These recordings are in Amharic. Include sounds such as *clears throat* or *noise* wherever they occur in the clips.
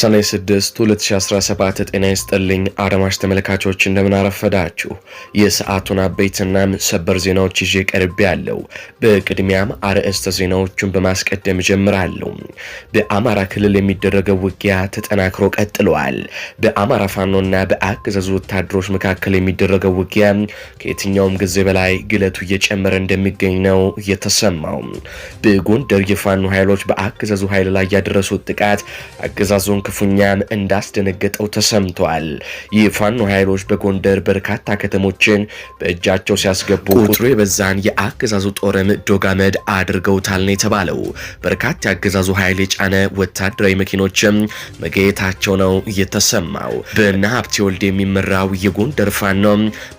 ሰኔ 6 2017 ጤና ይስጥልኝ አድማጭ ተመልካቾች እንደምን አረፈዳችሁ። የሰዓቱን አበይትና ሰበር ዜናዎች ይዤ ቀርቤ ያለው። በቅድሚያም አርዕስተ ዜናዎቹን በማስቀደም ጀምራለሁ። በአማራ ክልል የሚደረገው ውጊያ ተጠናክሮ ቀጥለዋል። በአማራ ፋኖና በአገዛዙ ወታደሮች መካከል የሚደረገው ውጊያ ከየትኛውም ጊዜ በላይ ግለቱ እየጨመረ እንደሚገኝ ነው የተሰማው። በጎንደር የፋኖ ኃይሎች በአገዛዙ ኃይል ላይ ያደረሱት ጥቃት አገዛዙን ክፉኛም እንዳስደነገጠው ተሰምቷል። የፋኖ ኃይሎች በጎንደር በርካታ ከተሞችን በእጃቸው ሲያስገቡ ቁጥሩ የበዛን የአገዛዙ ጦርም ዶጋመድ አድርገውታል ነው የተባለው። በርካታ የአገዛዙ ኃይል የጫነ ወታደራዊ መኪኖችም መገኘታቸው ነው የተሰማው። በእነ ሀብቴ ወልድ የሚመራው የጎንደር ፋኖ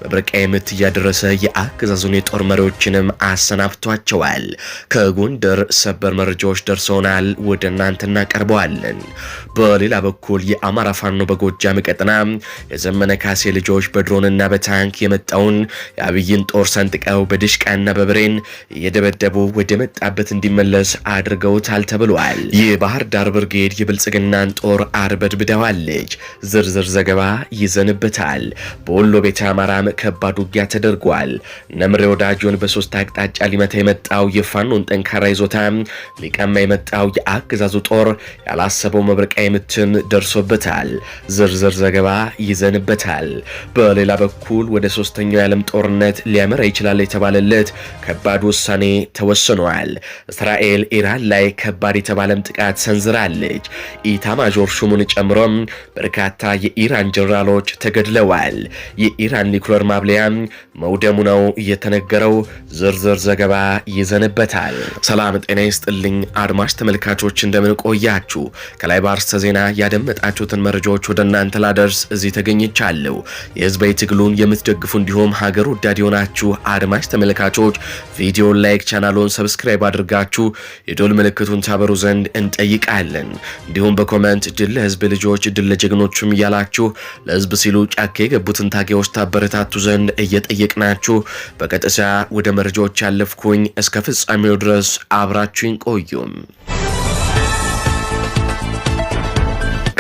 መብረቂያ ምት እያደረሰ የአገዛዙን የጦር መሪዎችንም አሰናብቷቸዋል። ከጎንደር ሰበር መረጃዎች ደርሰውናል፣ ወደ እናንተ እናቀርበዋለን። በሌላ በኩል የአማራ ፋኖ በጎጃም ቀጠና የዘመነ ካሴ ልጆች በድሮንና በታንክ የመጣውን የአብይን ጦር ሰንጥቀው በድሽቃና በብሬን እየደበደቡ ወደ መጣበት እንዲመለስ አድርገውታል ተብሏል። የባህር ዳር ብርጌድ የብልጽግናን ጦር አርበድብደዋለች። ዝርዝር ዘገባ ይዘንበታል። በወሎ ቤተ አማራም ከባድ ውጊያ ተደርጓል። ነምሬ ወዳጆን በሶስት አቅጣጫ ሊመታ የመጣው የፋኖን ጠንካራ ይዞታ ሊቀማ የመጣው የአገዛዙ ጦር ያላሰበው መብረቃ የምት ሁለትም ደርሶበታል። ዝርዝር ዘገባ ይዘንበታል። በሌላ በኩል ወደ ሶስተኛው የዓለም ጦርነት ሊያመራ ይችላል የተባለለት ከባድ ውሳኔ ተወስኗል። እስራኤል ኢራን ላይ ከባድ የተባለም ጥቃት ሰንዝራለች። ኢታማዦር ሹሙን ጨምሮም በርካታ የኢራን ጀኔራሎች ተገድለዋል። የኢራን ኒኩለር ማብለያም መውደሙ ነው እየተነገረው ዝርዝር ዘገባ ይዘንበታል። ሰላም ጤና ይስጥልኝ አድማጭ ተመልካቾች እንደምን ቆያችሁ? ከላይ ባርስተ ዜና ዜና ያደመጣችሁትን መረጃዎች ወደ እናንተ ላደርስ እዚህ ተገኝቻለሁ። የህዝባዊ ትግሉን የምትደግፉ እንዲሁም ሀገር ወዳድ የሆናችሁ አድማጭ ተመልካቾች ቪዲዮን ላይክ፣ ቻናሉን ሰብስክራይብ አድርጋችሁ የዶል ምልክቱን ታበሩ ዘንድ እንጠይቃለን። እንዲሁም በኮመንት ድል ለህዝብ ልጆች ድል ለጀግኖቹም እያላችሁ ለህዝብ ሲሉ ጫካ የገቡትን ታጋዮች ታበረታቱ ዘንድ እየጠየቅናችሁ በቀጥታ ወደ መረጃዎች ያለፍኩኝ እስከ ፍጻሜው ድረስ አብራችሁኝ ቆዩም።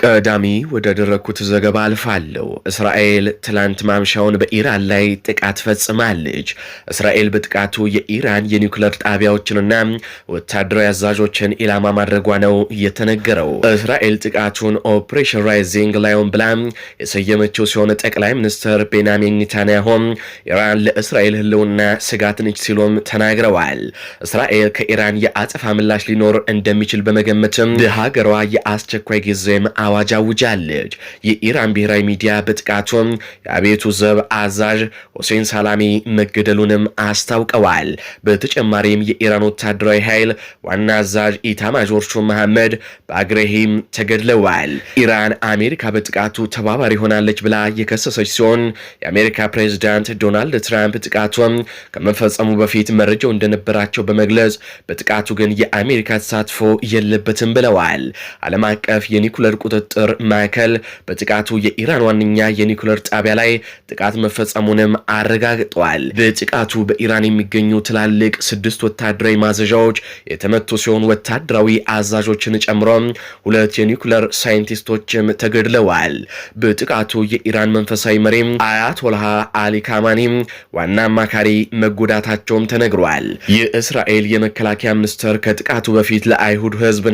ቀዳሚ ወደደረግኩት ዘገባ አልፋለሁ። እስራኤል ትላንት ማምሻውን በኢራን ላይ ጥቃት ፈጽማለች። እስራኤል በጥቃቱ የኢራን የኒውክለር ጣቢያዎችንና ወታደራዊ አዛዦችን ኢላማ ማድረጓ ነው የተነገረው። እስራኤል ጥቃቱን ኦፕሬሽን ራይዚንግ ላዮን ብላ የሰየመችው ሲሆን ጠቅላይ ሚኒስትር ቤንያሚን ኔታንያሆም ኢራን ለእስራኤል ሕልውና ስጋት ነች ሲሉም ተናግረዋል። እስራኤል ከኢራን የአጸፋ ምላሽ ሊኖር እንደሚችል በመገመትም የሀገሯ የአስቸኳይ ጊዜም አዋ አዋጅ አውጃለች። የኢራን ብሔራዊ ሚዲያ በጥቃቱም የአቤቱ ዘብ አዛዥ ሁሴን ሳላሚ መገደሉንም አስታውቀዋል። በተጨማሪም የኢራን ወታደራዊ ኃይል ዋና አዛዥ ኢታማዦር ሹም መሐመድ ባግሬሂም ተገድለዋል። ኢራን አሜሪካ በጥቃቱ ተባባሪ ሆናለች ብላ የከሰሰች ሲሆን የአሜሪካ ፕሬዚዳንት ዶናልድ ትራምፕ ጥቃቱም ከመፈጸሙ በፊት መረጃው እንደነበራቸው በመግለጽ በጥቃቱ ግን የአሜሪካ ተሳትፎ የለበትም ብለዋል። ዓለም አቀፍ የኒኩለር ቁጥር ቁጥጥር ማዕከል በጥቃቱ የኢራን ዋነኛ የኒውክለር ጣቢያ ላይ ጥቃት መፈጸሙንም አረጋግጠዋል። በጥቃቱ በኢራን የሚገኙ ትላልቅ ስድስት ወታደራዊ ማዘዣዎች የተመቱ ሲሆን ወታደራዊ አዛዦችን ጨምሮ ሁለት የኒውክለር ሳይንቲስቶችም ተገድለዋል። በጥቃቱ የኢራን መንፈሳዊ መሪም አያቶልሃ አሊ ካማኒም ዋና አማካሪ መጎዳታቸውም ተነግሯል። የእስራኤል የመከላከያ ሚኒስትር ከጥቃቱ በፊት ለአይሁድ ህዝብና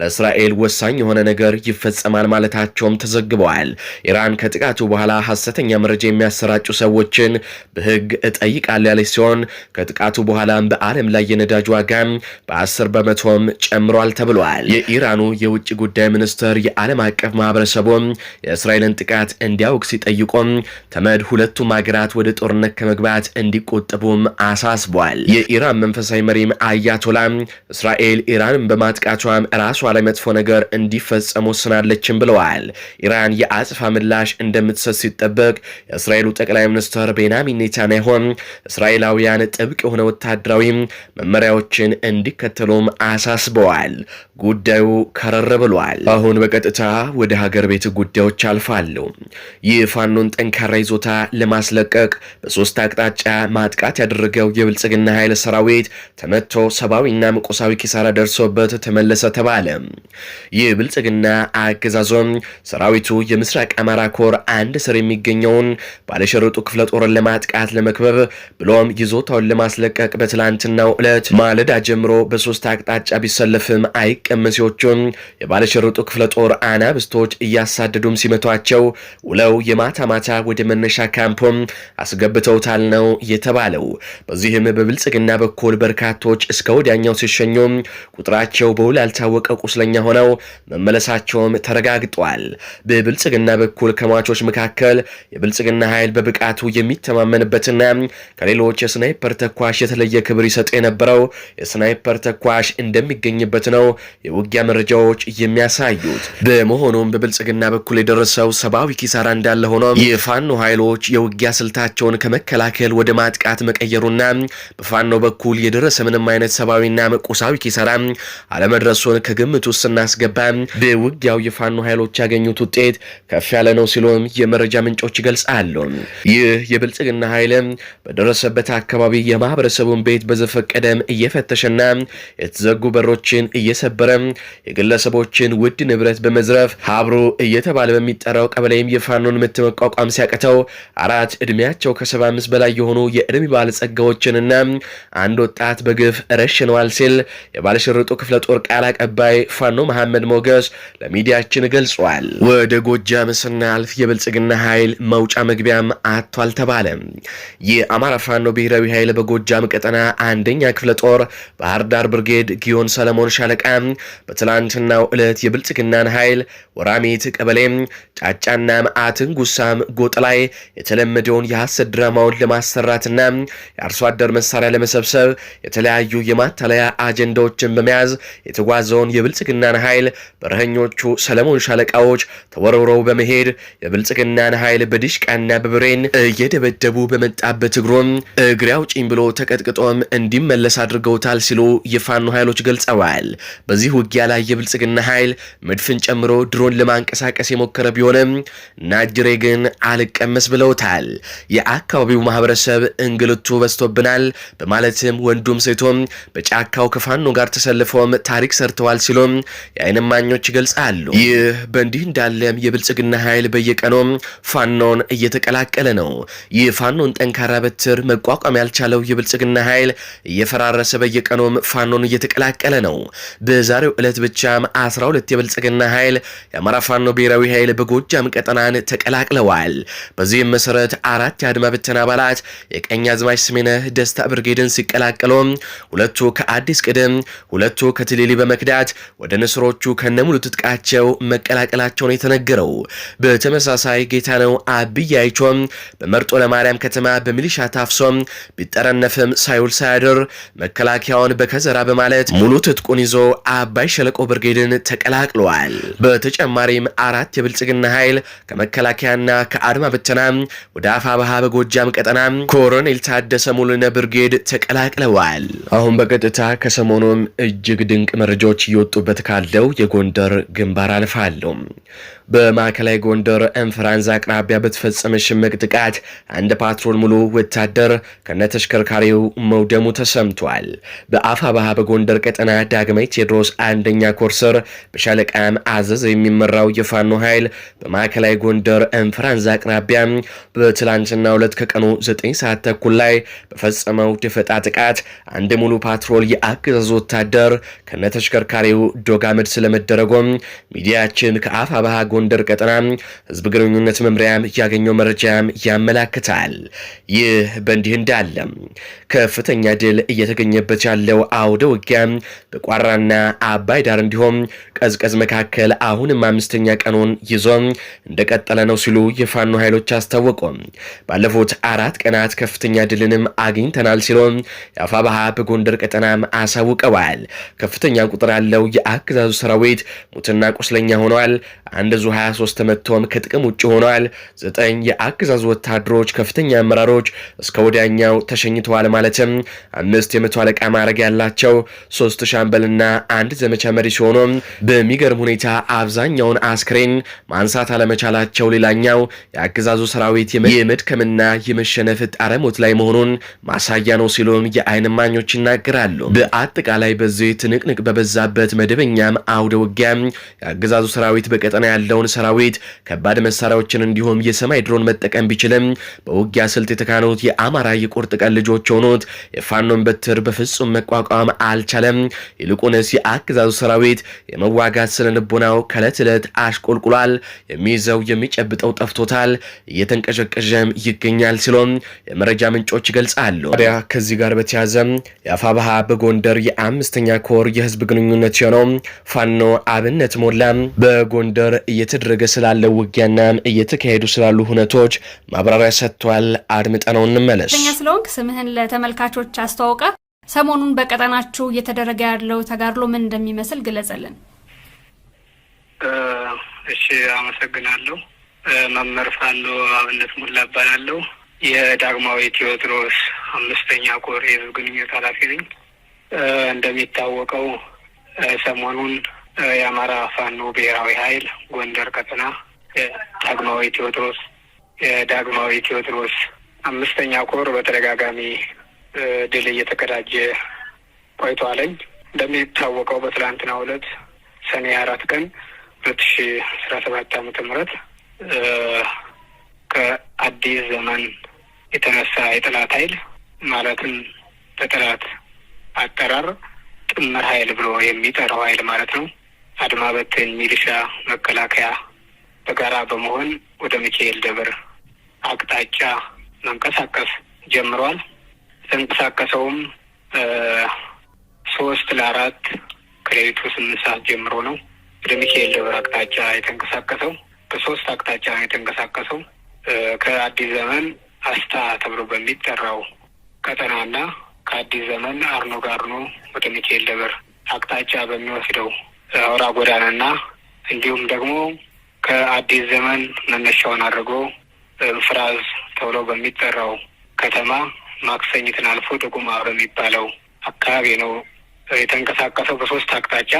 ለእስራኤል ወሳኝ የሆነ ነገር ይፈ ይፈጸማል ማለታቸውም ተዘግበዋል። ኢራን ከጥቃቱ በኋላ ሀሰተኛ መረጃ የሚያሰራጩ ሰዎችን በህግ እጠይቃል ያለች ሲሆን ከጥቃቱ በኋላም በዓለም ላይ የነዳጅ ዋጋም በ10 በመቶም ጨምሯል ተብሏል። የኢራኑ የውጭ ጉዳይ ሚኒስትር የዓለም አቀፍ ማህበረሰቡም የእስራኤልን ጥቃት እንዲያውቅ ሲጠይቁም ተመድ ሁለቱም ሀገራት ወደ ጦርነት ከመግባት እንዲቆጠቡም አሳስቧል። የኢራን መንፈሳዊ መሪም አያቶላ እስራኤል ኢራንን በማጥቃቷም ራሷ ላይ መጥፎ ነገር እንዲፈጸሙ ስና ሆናለችም ብለዋል። ኢራን የአጽፋ ምላሽ እንደምትሰጥ ሲጠበቅ የእስራኤሉ ጠቅላይ ሚኒስትር ቤንያሚን ኔታንያሁን እስራኤላውያን ጥብቅ የሆነ ወታደራዊ መመሪያዎችን እንዲከተሉም አሳስበዋል። ጉዳዩ ከረር ብሏል። አሁን በቀጥታ ወደ ሀገር ቤት ጉዳዮች አልፋሉ። ፋኖን ጠንካራ ይዞታ ለማስለቀቅ በሶስት አቅጣጫ ማጥቃት ያደረገው የብልጽግና ኃይል ሰራዊት ተመቶ ሰብአዊና ምቆሳዊ ኪሳራ ደርሶበት ተመለሰ ተባለ። ይህ ብልጽግና አገዛዞም ሰራዊቱ የምስራቅ አማራ ኮር አንድ ስር የሚገኘውን ባለሸርጡ ክፍለ ጦርን ለማጥቃት ለመክበብ ብሎም ይዞታውን ለማስለቀቅ በትላንትናው ዕለት ማለዳ ጀምሮ በሶስት አቅጣጫ ቢሰለፍም አይቀመሴዎቹም የባለሸርጡ ክፍለ ጦር አናብስቶች እያሳደዱም ሲመቷቸው ውለው የማታ ማታ ወደ መነሻ ካምፖም አስገብተውታል ነው የተባለው። በዚህም በብልጽግና በኩል በርካቶች እስከ ወዲያኛው ሲሸኙም ቁጥራቸው በውል ያልታወቀ ቁስለኛ ሆነው መመለሳቸውም ተረጋግጧል። በብልጽግና በኩል ከሟቾች መካከል የብልጽግና ኃይል በብቃቱ የሚተማመንበትና ከሌሎች የስናይፐር ተኳሽ የተለየ ክብር ይሰጥ የነበረው የስናይፐር ተኳሽ እንደሚገኝበት ነው የውጊያ መረጃዎች የሚያሳዩት። በመሆኑም በብልጽግና በኩል የደረሰው ሰብአዊ ኪሳራ እንዳለ ሆኖ የፋኖ ኃይሎች የውጊያ ስልታቸውን ከመከላከል ወደ ማጥቃት መቀየሩና በፋኖ በኩል የደረሰ ምንም አይነት ሰብአዊና ቁሳዊ ኪሳራ አለመድረሱን ከግምት ውስጥ ስናስገባ በውጊያው የፋኖ ኃይሎች ያገኙት ውጤት ከፍ ያለ ነው ሲሉም የመረጃ ምንጮች ይገልጻሉ። ይህ የብልጽግና ኃይልም በደረሰበት አካባቢ የማህበረሰቡን ቤት በዘፈቀደም እየፈተሸና የተዘጉ በሮችን እየሰበረም የግለሰቦችን ውድ ንብረት በመዝረፍ ሀብሩ እየተባለ በሚጠራው ቀበሌም የፋኖን ምት መቋቋም ሲያቅተው አራት እድሜያቸው ከሰባ አምስት በላይ የሆኑ የእድሜ ባለጸጋዎችንና አንድ ወጣት በግፍ ረሽነዋል ሲል የባለሽርጡ ክፍለ ጦር ቃል አቀባይ ፋኖ መሐመድ ሞገስ ለሚዲያ መግቢያችን ገልጿል። ወደ ጎጃም ስናልፍ የብልጽግና ኃይል መውጫ መግቢያም አቶ አልተባለም። የአማራ ፋኖ ብሔራዊ ኃይል በጎጃም ቀጠና አንደኛ ክፍለ ጦር ባህር ዳር ብርጌድ ጊዮን ሰለሞን ሻለቃ በትላንትናው ዕለት የብልጽግናን ኃይል ወራሜት ቀበሌም ማአትን ጉሳም ጎጥ ላይ የተለመደውን የሐሰት ድራማውን ለማሰራትና የአርሶ አደር መሳሪያ ለመሰብሰብ የተለያዩ የማታለያ አጀንዳዎችን በመያዝ የተጓዘውን የብልጽግናን ኃይል በረኞቹ ሰለሞን ሻለቃዎች ተወርውረው በመሄድ የብልጽግናን ኃይል በድሽቃና በብሬን እየደበደቡ በመጣበት እግሮም እግሬ አውጪኝ ብሎ ተቀጥቅጦም እንዲመለስ አድርገውታል ሲሉ የፋኖ ኃይሎች ገልጸዋል። በዚህ ውጊያ ላይ የብልጽግና ኃይል መድፍን ጨምሮ ድሮን ለማንቀሳቀስ የሞከረ ቢሆንም ናጅሬ ግን አልቀመስ ብለውታል። የአካባቢው ማህበረሰብ እንግልቱ በዝቶብናል በማለትም ወንዱም ሴቶም በጫካው ከፋኖ ጋር ተሰልፎም ታሪክ ሰርተዋል ሲሉም የአይንማኞች ይገልጻሉ። ይህ በእንዲህ እንዳለም የብልጽግና ኃይል በየቀኑም ፋኖን እየተቀላቀለ ነው። ፋኖን ጠንካራ በትር መቋቋም ያልቻለው የብልጽግና ኃይል እየፈራረሰ በየቀኑም ፋኖን እየተቀላቀለ ነው። በዛሬው ዕለት ብቻም 12 የብልጽግና ኃይል የአማራ ፋኖ ብሔራዊ ኃይል በጎጃም ቀጠናን ተቀላቅለዋል። በዚህም መሰረት አራት የአድማ ብተን አባላት የቀኝ አዝማች ስሜነህ ደስታ ብርጌድን ሲቀላቀሉ ሁለቱ ከአዲስ ቅድም፣ ሁለቱ ከትሌሊ በመክዳት ወደ ንስሮቹ ከነሙሉ ትጥቃቸው ፓርቲያቸው መቀላቀላቸውን የተነገረው። በተመሳሳይ ጌታነው አብይ አይቾም በመርጦ ለማርያም ከተማ በሚሊሻ ታፍሶም ቢጠረነፍም ሳይውል ሳያድር መከላከያውን በከዘራ በማለት ሙሉ ትጥቁን ይዞ አባይ ሸለቆ ብርጌድን ተቀላቅለዋል። በተጨማሪም አራት የብልጽግና ኃይል ከመከላከያና ከአድማ ብተና ወደ ባሃ በጎጃም ቀጠና ኮሎኔል ታደሰ ሙሉነ ብርጌድ ተቀላቅለዋል። አሁን በቀጥታ ከሰሞኑም እጅግ ድንቅ መረጃዎች እየወጡበት ካለው የጎንደር ግንባር ተግባር አልፋለሁ። በማዕከላዊ ጎንደር እንፍራንዝ አቅራቢያ በተፈጸመ ሽምቅ ጥቃት አንድ ፓትሮል ሙሉ ወታደር ከነተሽከርካሪው መውደሙ ተሰምቷል። በአፋባሃ በጎንደር ቀጠና ዳግማዊ ቴዎድሮስ አንደኛ ኮርሰር በሻለቃም አዘዝ የሚመራው የፋኖ ኃይል በማዕከላዊ ጎንደር እንፍራንዝ አቅራቢያ በትላንትና ሁለት ከቀኑ 9 ሰዓት ተኩል ላይ በፈጸመው ደፈጣ ጥቃት አንድ ሙሉ ፓትሮል የአገዛዙ ወታደር ከነተሽከርካሪው ዶጋመድ ስለመደረጎም ሚዲያችን ከአፋ ባህ ጎንደር ቀጠና ህዝብ ግንኙነት መምሪያም ያገኘው መረጃም ያመላክታል። ይህ በእንዲህ እንዳለ ከፍተኛ ድል እየተገኘበት ያለው አውደ ውጊያ በቋራና አባይ ዳር እንዲሁም ቀዝቀዝ መካከል አሁንም አምስተኛ ቀኑን ይዞ እንደቀጠለ ነው ሲሉ የፋኖ ኃይሎች አስታወቁ። ባለፉት አራት ቀናት ከፍተኛ ድልንም አግኝተናል ሲሉ የአፋባሃ በጎንደር ቀጠናም አሳውቀዋል። ከፍተኛ ቁጥር ያለው የአገዛዙ ሰራዊት ሙትና ቁስለኛ ሆነዋል። አንድ ዙ 23 ከጥቅም ውጭ ሆነዋል። ዘጠኝ የአገዛዙ ወታደሮች ከፍተኛ አመራሮች እስከ ወዲያኛው ተሸኝተዋል። ማለትም አምስት የመቶ አለቃ ማዕረግ ያላቸው ሶስት ሻምበልና አንድ ዘመቻ መሪ ሲሆኑ በሚገርም ሁኔታ አብዛኛውን አስክሬን ማንሳት አለመቻላቸው ሌላኛው የአገዛዙ ሰራዊት የመድከምና የመሸነፍ ጣረሞት ላይ መሆኑን ማሳያ ነው ሲሉም የአይን ማኞች ይናገራሉ። በአጠቃላይ በዚህ ትንቅንቅ በበዛበት መደበኛም አውደ ውጊያ የአገዛዙ ሰራዊት በቀጠና ያለውን ሰራዊት ከባድ መሳሪያዎችን እንዲሁም የሰማይ ድሮን መጠቀም ቢችልም በውጊያ ስልት የተካኑት የአማራ የቁርጥ ቀን ልጆች የሆኑት የፋኖን በትር በፍጹም መቋቋም አልቻለም። ይልቁንስ የአገዛዙ ሰራዊት የመዋጋት ስነ ልቦናው ከእለት እለት አሽቆልቁሏል። የሚይዘው የሚጨብጠው ጠፍቶታል፣ እየተንቀዠቀዠም ይገኛል ሲሎም የመረጃ ምንጮች ይገልጻሉ። ታዲያ ከዚህ ጋር የአፋ ባሃ በጎንደር የአምስተኛ ኮር የህዝብ ግንኙነት የሆነው ፋኖ አብነት ሞላ በጎንደር እየተደረገ ስላለ ውጊያና እየተካሄዱ ስላሉ ሁነቶች ማብራሪያ ሰጥቷል። አድምጠነው እንመለስ። ስለሆንክ ስምህን ለተመልካቾች አስተዋውቀ ሰሞኑን በቀጠናችሁ እየተደረገ ያለው ተጋድሎ ምን እንደሚመስል ግለጸልን። እሺ፣ አመሰግናለሁ። መምህር ፋኖ አብነት ሙላ እባላለሁ። የዳግማዊ ቴዎድሮስ አምስተኛ ኮር የህዝብ ግንኙነት ኃላፊ ነኝ። እንደሚታወቀው ሰሞኑን የአማራ ፋኖ ብሔራዊ ኃይል ጎንደር ቀጠና ዳግማዊ ቴዎድሮስ የዳግማዊ ቴዎድሮስ አምስተኛ ኮር በተደጋጋሚ ድል እየተቀዳጀ ቆይቷለኝ። እንደሚታወቀው በትላንትናው ዕለት ሰኔ አራት ቀን ሁለት ሺ አስራ ሰባት ዓመተ ምህረት ከአዲስ ዘመን የተነሳ የጠላት ኃይል ማለትም በጠላት አጠራር ጥምር ኃይል ብሎ የሚጠራው ኃይል ማለት ነው አድማ በትን፣ ሚሊሻ፣ መከላከያ በጋራ በመሆን ወደ ሚካኤል ደብር አቅጣጫ መንቀሳቀስ ጀምሯል። የተንቀሳቀሰውም ሶስት ለአራት ከሌሊቱ ስምንት ሰዓት ጀምሮ ነው ወደ ሚካኤል ደብር አቅጣጫ የተንቀሳቀሰው። በሶስት አቅጣጫ ነው የተንቀሳቀሰው። ከአዲስ ዘመን አስታ ተብሎ በሚጠራው ቀጠናና ከአዲስ ዘመን አርኖ ጋርኖ ወደ ሚካኤል ደብር አቅጣጫ በሚወስደው አውራ ጎዳናና እንዲሁም ደግሞ ከአዲስ ዘመን መነሻውን አድርጎ ፍራዝ ተብሎ በሚጠራው ከተማ ማክሰኝትን አልፎ ጥቁማ በሚባለው አካባቢ ነው የተንቀሳቀሰው በሶስት አቅጣጫ።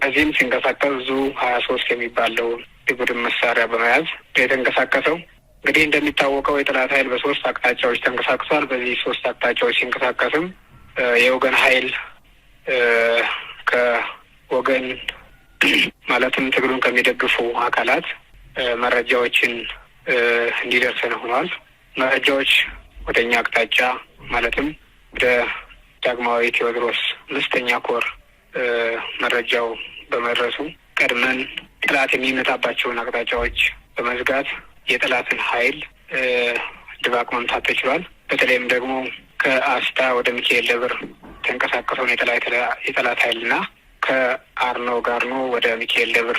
በዚህም ሲንቀሳቀስ ዙ ሀያ ሶስት የሚባለው የቡድን መሳሪያ በመያዝ የተንቀሳቀሰው እንግዲህ እንደሚታወቀው የጠላት ኃይል በሶስት አቅጣጫዎች ተንቀሳቅሷል። በዚህ ሶስት አቅጣጫዎች ሲንቀሳቀስም የወገን ኃይል ከ ወገን ማለትም ትግሉን ከሚደግፉ አካላት መረጃዎችን እንዲደርሰን ሆኗል። መረጃዎች ወደ እኛ አቅጣጫ ማለትም ወደ ዳግማዊ ቴዎድሮስ አምስተኛ ኮር መረጃው በመድረሱ ቀድመን ጠላት የሚመጣባቸውን አቅጣጫዎች በመዝጋት የጠላትን ኃይል ድባቅ መምታት ተችሏል። በተለይም ደግሞ ከአስታ ወደ ሚካኤል ደብር ተንቀሳቀሰውን የጠላት ኃይልና ከአርኖ ጋር ነው ወደ ሚካኤል ደብር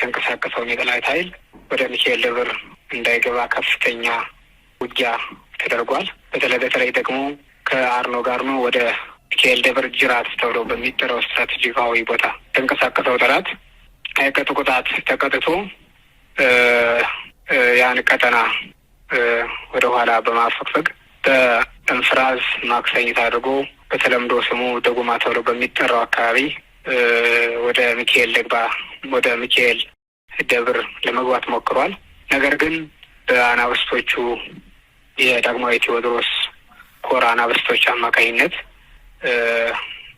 ተንቀሳቀሰውን የጠላት ኃይል ወደ ሚካኤል ደብር እንዳይገባ ከፍተኛ ውጊያ ተደርጓል። በተለይ በተለይ ደግሞ ከአርኖ ጋር ነው ወደ ሚካኤል ደብር ጅራት ተብሎ በሚጠራው ስትራቴጂካዊ ቦታ ተንቀሳቀሰው ጠላት አይቀጡ ቁጣት ተቀጥቶ ያን ቀጠና ወደኋላ በማፈግፈግ በእንፍራዝ ማክሰኝት አድርጎ በተለምዶ ስሙ ደጉማ ተብሎ በሚጠራው አካባቢ ወደ ሚካኤል ደግባ ወደ ሚካኤል ደብር ለመግባት ሞክሯል። ነገር ግን በአናብስቶቹ የዳግማዊ ቴዎድሮስ ኮር አናብስቶች አማካኝነት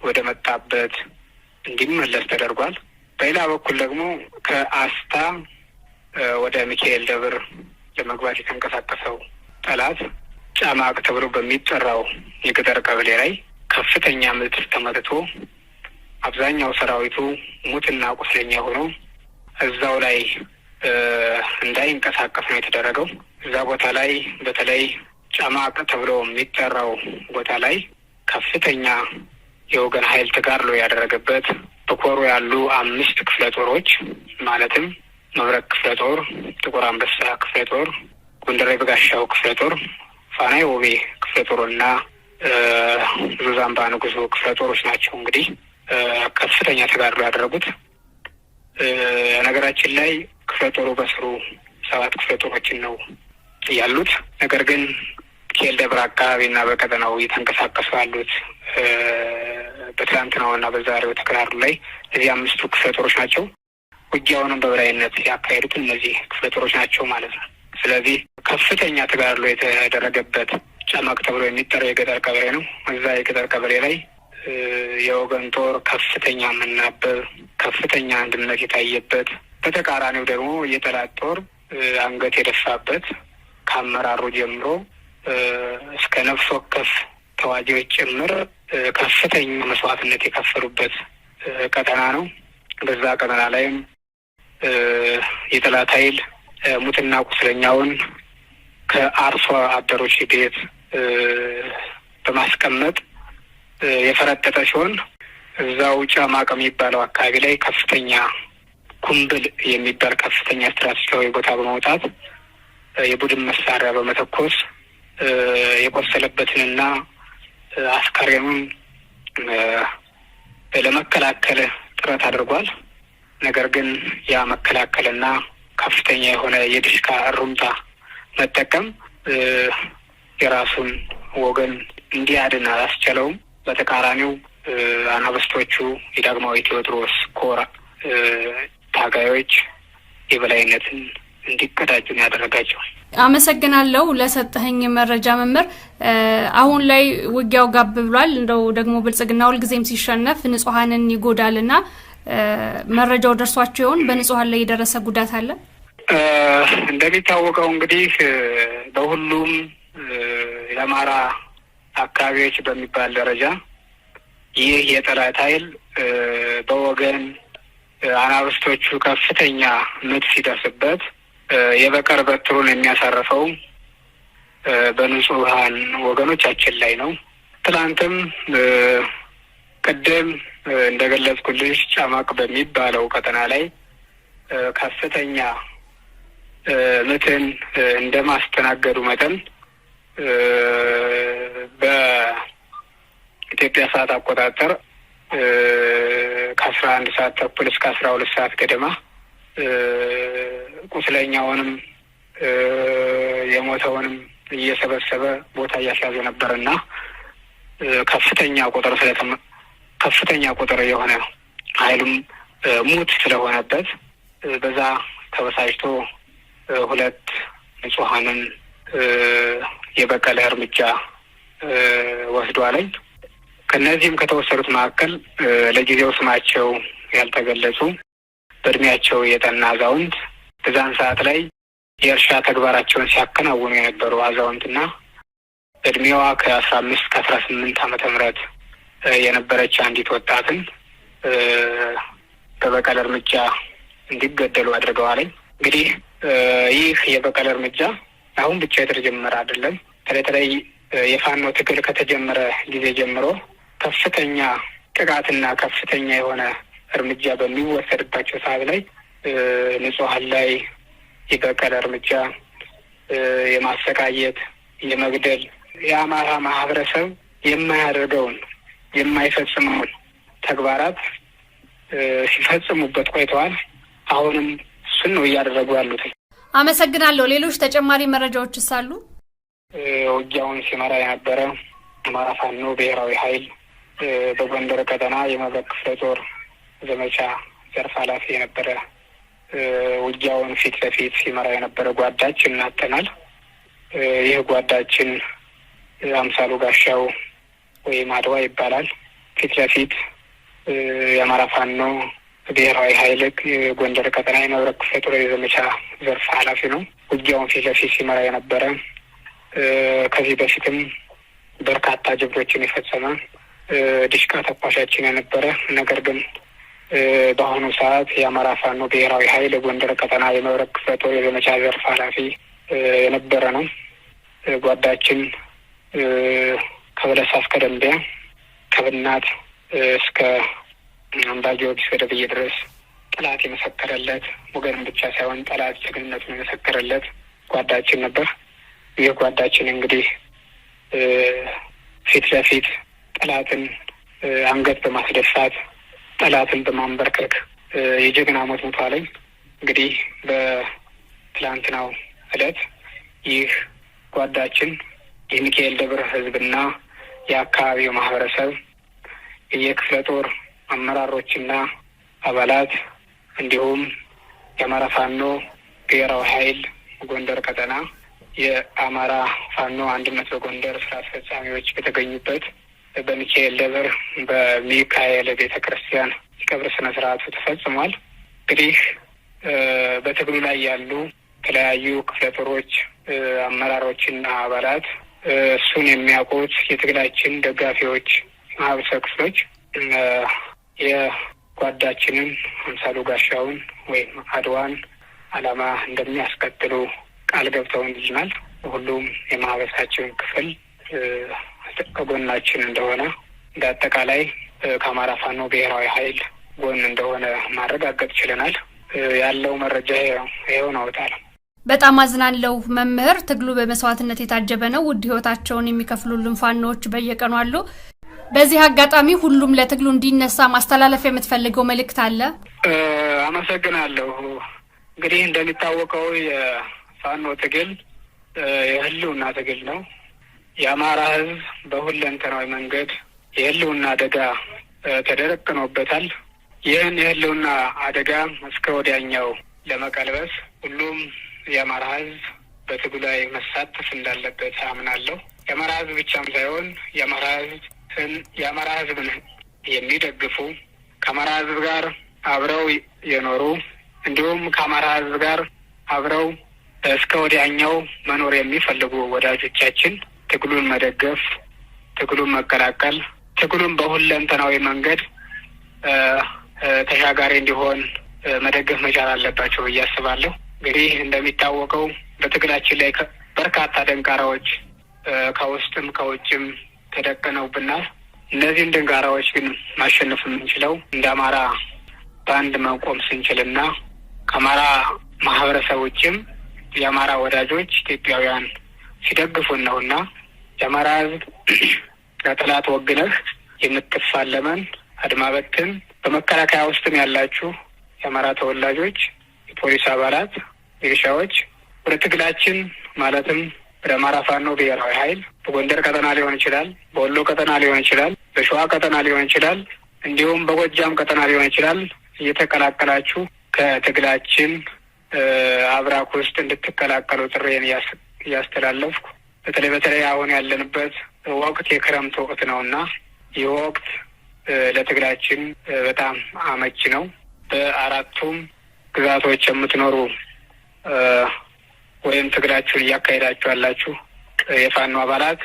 ወደ መጣበት እንዲመለስ ተደርጓል። በሌላ በኩል ደግሞ ከአስታ ወደ ሚካኤል ደብር ለመግባት የተንቀሳቀሰው ጠላት ጫማቅ ተብሎ በሚጠራው የገጠር ቀበሌ ላይ ከፍተኛ ምት ተመትቶ አብዛኛው ሰራዊቱ ሙትና ቁስለኛ ሆኖ እዛው ላይ እንዳይንቀሳቀስ ነው የተደረገው። እዛ ቦታ ላይ በተለይ ጨማቅ ተብሎ የሚጠራው ቦታ ላይ ከፍተኛ የወገን ኃይል ተጋድሎ ያደረገበት በኮሩ ያሉ አምስት ክፍለ ጦሮች ማለትም መብረቅ ክፍለ ጦር፣ ጥቁር አንበሳ ክፍለ ጦር፣ ጎንደር የበጋሻው ክፍለ ጦር፣ ፋና ወቤ ክፍለ ጦር እና ዙዛምባ ንጉሱ ክፍለ ጦሮች ናቸው እንግዲህ ከፍተኛ ተጋድሎ ያደረጉት። ነገራችን ላይ ክፍለ ጦሩ በስሩ ሰባት ክፍለ ጦሮችን ነው ያሉት። ነገር ግን ኬል ደብረ አካባቢና በቀጠናው እየተንቀሳቀሱ ያሉት በትላንትናውና በዛሬው ተከራሩ ላይ እዚህ አምስቱ ክፍለ ጦሮች ናቸው። ውጊያውንም በበላይነት ያካሄዱት እነዚህ ክፍለ ጦሮች ናቸው ማለት ነው። ስለዚህ ከፍተኛ ተጋድሎ የተደረገበት ጨመቅ ተብሎ የሚጠራው የገጠር ቀበሌ ነው። እዛ የገጠር ቀበሌ ላይ የወገን ጦር ከፍተኛ መናበብ፣ ከፍተኛ አንድነት የታየበት፣ በተቃራኒው ደግሞ የጠላት ጦር አንገት የደፋበት ከአመራሩ ጀምሮ እስከ ነፍስ ወከፍ ተዋጊዎች ጭምር ከፍተኛ መስዋዕትነት የከፈሉበት ቀጠና ነው። በዛ ቀጠና ላይም የጠላት ኃይል ሙትና ቁስለኛውን ከአርሶ አደሮች ቤት በማስቀመጥ የፈረጠጠ ሲሆን እዛው ጫማ ከሚባለው አካባቢ ላይ ከፍተኛ ኩምብል የሚባል ከፍተኛ ስትራቴጂካዊ ቦታ በመውጣት የቡድን መሳሪያ በመተኮስ የቆሰለበትንና አስከሬኑን ለመከላከል ጥረት አድርጓል። ነገር ግን ያ መከላከልና ከፍተኛ የሆነ የድሽካ እሩምታ መጠቀም የራሱን ወገን እንዲያድን አላስቻለውም። በተቃራኒው አናበስቶቹ የዳግማዊ ቴዎድሮስ ኮራ ታጋዮች የበላይነትን እንዲቀዳጁን ያደረጋቸው። አመሰግናለሁ ለሰጠኸኝ መረጃ መምህር። አሁን ላይ ውጊያው ጋብ ብሏል። እንደው ደግሞ ብልጽግና ሁልጊዜም ሲሸነፍ ይጎዳል ይጎዳልና መረጃው ደርሷቸው ይሆን? በንጹሀን ላይ የደረሰ ጉዳት አለ? እንደሚታወቀው እንግዲህ በሁሉም የአማራ አካባቢዎች በሚባል ደረጃ ይህ የጠላት ኃይል በወገን አናብስቶቹ ከፍተኛ ምት ሲደርስበት የበቀር በትሩን የሚያሳርፈው በንጹሀን ወገኖቻችን ላይ ነው። ትላንትም ቅድም እንደገለጽኩልሽ ጫማቅ በሚባለው ቀጠና ላይ ከፍተኛ ምትን እንደማስተናገዱ መጠን በኢትዮጵያ ሰዓት አቆጣጠር ከአስራ አንድ ሰዓት ተኩል እስከ አስራ ሁለት ሰዓት ገደማ ቁስለኛውንም የሞተውንም እየሰበሰበ ቦታ እያስያዘ ነበር እና ከፍተኛ ቁጥር ስለተመ ከፍተኛ ቁጥር የሆነ ኃይሉም ሙት ስለሆነበት በዛ ተበሳጭቶ ሁለት ንጹሐንን የበቀለ እርምጃ ወስዷለኝ። ከእነዚህም ከተወሰዱት መካከል ለጊዜው ስማቸው ያልተገለጹ በእድሜያቸው የጠና አዛውንት በዛን ሰዓት ላይ የእርሻ ተግባራቸውን ሲያከናውኑ የነበሩ አዛውንትና እድሜዋ ከአስራ አምስት ከአስራ ስምንት ዓመተ ምህረት የነበረች አንዲት ወጣትን በበቀል እርምጃ እንዲገደሉ አድርገዋለኝ። እንግዲህ ይህ የበቀል እርምጃ አሁን ብቻ የተጀመረ አይደለም። በተለይ የፋኖ ትግል ከተጀመረ ጊዜ ጀምሮ ከፍተኛ ጥቃትና ከፍተኛ የሆነ እርምጃ በሚወሰድባቸው ሰዓት ላይ ንጹሀን ላይ የበቀል እርምጃ የማሰቃየት፣ የመግደል የአማራ ማህበረሰብ የማያደርገውን የማይፈጽመውን ተግባራት ሲፈጽሙበት ቆይተዋል። አሁንም እሱን ነው እያደረጉ ያሉት። አመሰግናለሁ። ሌሎች ተጨማሪ መረጃዎችስ አሉ? ውጊያውን ሲመራ የነበረ አማራ ፋኖ ብሔራዊ ኃይል በጎንደር ቀጠና የመብረቅ ክፍለ ጦር ዘመቻ ዘርፍ ኃላፊ የነበረ ውጊያውን ፊት ለፊት ሲመራ የነበረ ጓዳችን እናተናል። ይህ ጓዳችን አምሳሉ ጋሻው ወይም አድዋ ይባላል። ፊት ለፊት የአማራ ፋኖ ብሔራዊ ኃይል ጎንደር ቀጠና የመብረቅ ክፍለ ጦር የዘመቻ ዘርፍ ኃላፊ ነው። ውጊያውን ፊት ለፊት ሲመራ የነበረ ከዚህ በፊትም በርካታ ጀብዶችን የፈጸመ ድሽቃ ተኳሻችን የነበረ ነገር ግን በአሁኑ ሰዓት የአማራ ፋኖ ብሔራዊ ኃይል ጎንደር ቀጠና የመብረቅ ክፍለ ጦር የዘመቻ ዘርፍ ኃላፊ የነበረ ነው። ጓዳችን ከበለሳ እስከ ደንቢያ ከብናት እስከ አምባ ጊዮርጊስ ገደብዬ ድረስ ጠላት የመሰከረለት ወገንም ብቻ ሳይሆን ጠላት ጀግንነቱን የመሰከረለት ጓዳችን ነበር። የጓዳችን እንግዲህ ፊት ለፊት ጠላትን አንገት በማስደፋት ጠላትን በማንበርከክ የጀግና ሞት ሞቷለኝ። እንግዲህ በትላንትናው እለት ይህ ጓዳችን የሚካኤል ደብር ህዝብና የአካባቢው ማህበረሰብ የክፍለ ጦር አመራሮችና አባላት እንዲሁም የአማራ ፋኖ ብሔራዊ ኃይል ጎንደር ቀጠና የአማራ ፋኖ አንድነት በጎንደር ስራ አስፈጻሚዎች በተገኙበት በሚካኤል ደብር በሚካኤል ቤተ ክርስቲያን የቀብር ስነ ስርዓቱ ተፈጽሟል። እንግዲህ በትግሉ ላይ ያሉ የተለያዩ ክፍለ ጦሮች አመራሮችና አባላት እሱን የሚያውቁት የትግላችን ደጋፊዎች፣ ማህበረሰብ ክፍሎች የጓዳችንን አምሳሉ ጋሻውን ወይም አድዋን አላማ እንደሚያስቀጥሉ ቃል ገብተውልናል። ሁሉም የማህበረሰባችን ክፍል ከጎናችን እንደሆነ እንደ አጠቃላይ ከአማራ ፋኖ ብሔራዊ ኃይል ጎን እንደሆነ ማረጋገጥ ችለናል። ያለው መረጃ ይኸው ነው። በጣም አዝናለው መምህር። ትግሉ በመስዋዕትነት የታጀበ ነው። ውድ ህይወታቸውን የሚከፍሉልን ፋኖዎች በየቀኑ አሉ። በዚህ አጋጣሚ ሁሉም ለትግሉ እንዲነሳ ማስተላለፍ የምትፈልገው መልእክት አለ? አመሰግናለሁ። እንግዲህ እንደሚታወቀው ፋኖ ትግል የህልውና ትግል ነው። የአማራ ህዝብ በሁለንተናዊ መንገድ የህልውና አደጋ ተደረቅኖበታል። ይህን የህልውና አደጋ እስከ ወዲያኛው ለመቀልበስ ሁሉም የአማራ ህዝብ በትግሉ ላይ መሳተፍ እንዳለበት አምናለሁ። የአማራ ህዝብ ብቻም ሳይሆን የአማራ ህዝብን የአማራ ህዝብን የሚደግፉ ከአማራ ህዝብ ጋር አብረው የኖሩ እንዲሁም ከአማራ ህዝብ ጋር አብረው እስከ ወዲያኛው መኖር የሚፈልጉ ወዳጆቻችን ትግሉን መደገፍ፣ ትግሉን መቀላቀል፣ ትግሉን በሁለንተናዊ መንገድ ተሻጋሪ እንዲሆን መደገፍ መቻል አለባቸው ብዬ አስባለሁ። እንግዲህ እንደሚታወቀው በትግላችን ላይ በርካታ ደንጋራዎች ከውስጥም ከውጭም ተደቅነውብናል። እነዚህን ደንጋራዎች ግን ማሸነፍ የምንችለው እንደ አማራ በአንድ መቆም ስንችልና ከአማራ ማህበረሰብ ውጭም የአማራ ወዳጆች ኢትዮጵያውያን ሲደግፉን ነውና የአማራ ህዝብ *clears throat* ለጥላት ወግነህ የምትፋለመን አድማ በትን በመከላከያ ውስጥም ያላችሁ የአማራ ተወላጆች፣ የፖሊስ አባላት፣ ሚሊሻዎች ወደ ትግላችን ማለትም ወደ አማራ ፋኖ ብሔራዊ ኃይል በጎንደር ቀጠና ሊሆን ይችላል፣ በወሎ ቀጠና ሊሆን ይችላል፣ በሸዋ ቀጠና ሊሆን ይችላል፣ እንዲሁም በጎጃም ቀጠና ሊሆን ይችላል እየተቀላቀላችሁ ከትግላችን አብራክ ውስጥ እንድትቀላቀሉ ጥሬን እያስተላለፍኩ በተለይ በተለይ አሁን ያለንበት ወቅት የክረምት ወቅት ነው እና ይህ ወቅት ለትግላችን በጣም አመች ነው። በአራቱም ግዛቶች የምትኖሩ ወይም ትግላችሁን እያካሄዳችሁ ያላችሁ የፋኖ አባላት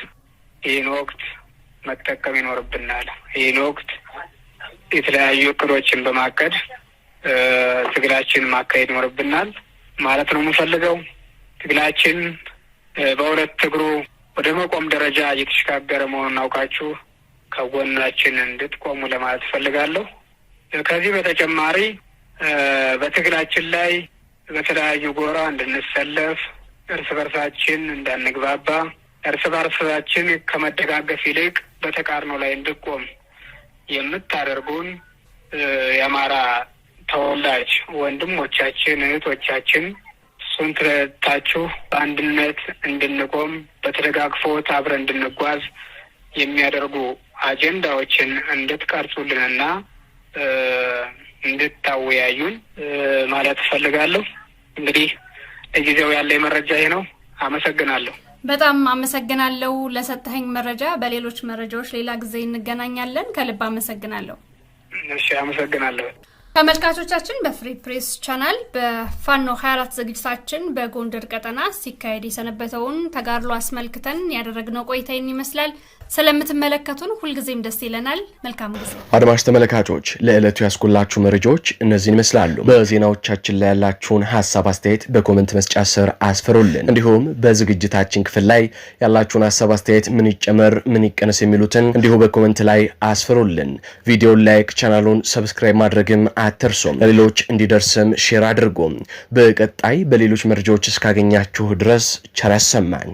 ይህን ወቅት መጠቀም ይኖርብናል። ይህን ወቅት የተለያዩ እቅዶችን በማቀድ ትግላችን ማካሄድ ይኖርብናል ማለት ነው የምንፈልገው። ትግላችን በሁለት እግሩ ወደ መቆም ደረጃ እየተሸጋገረ መሆኑን አውቃችሁ ከጎናችን እንድትቆሙ ለማለት እፈልጋለሁ። ከዚህ በተጨማሪ በትግላችን ላይ በተለያዩ ጎራ እንድንሰለፍ፣ እርስ በርሳችን እንዳንግባባ፣ እርስ በርሳችን ከመደጋገፍ ይልቅ በተቃርኖ ላይ እንድቆም የምታደርጉን የአማራ ተወላጅ ወንድሞቻችን እህቶቻችን እሱን ትረታችሁ በአንድነት እንድንቆም በተደጋግፎ አብረን እንድንጓዝ የሚያደርጉ አጀንዳዎችን እንድትቀርጹልንና እንድታወያዩን ማለት እፈልጋለሁ። እንግዲህ ለጊዜው ያለ መረጃ ይሄ ነው። አመሰግናለሁ። በጣም አመሰግናለሁ ለሰጠኸኝ መረጃ። በሌሎች መረጃዎች ሌላ ጊዜ እንገናኛለን። ከልብ አመሰግናለሁ። እሺ፣ አመሰግናለሁ። ተመልካቾቻችን በፍሪ ፕሬስ ቻናል በፋኖ 24 ዝግጅታችን በጎንደር ቀጠና ሲካሄድ የሰነበተውን ተጋድሎ አስመልክተን ያደረግነው ቆይታ ይመስላል። ስለምትመለከቱን ሁልጊዜም ደስ ይለናል። መልካም ጊዜ አድማሽ ተመልካቾች፣ ለዕለቱ ያስኩላችሁ መረጃዎች እነዚህን ይመስላሉ። በዜናዎቻችን ላይ ያላችሁን ሀሳብ አስተያየት በኮመንት መስጫ ስር አስፈሩልን። እንዲሁም በዝግጅታችን ክፍል ላይ ያላችሁን ሀሳብ አስተያየት፣ ምን ይጨመር፣ ምን ይቀነስ የሚሉትን እንዲሁ በኮመንት ላይ አስፈሩልን። ቪዲዮን ላይክ፣ ቻናሉን ሰብስክራይብ ማድረግም አትርሱም። ለሌሎች እንዲደርስም ሼር አድርጉም። በቀጣይ በሌሎች መረጃዎች እስካገኛችሁ ድረስ ቸር ያሰማን።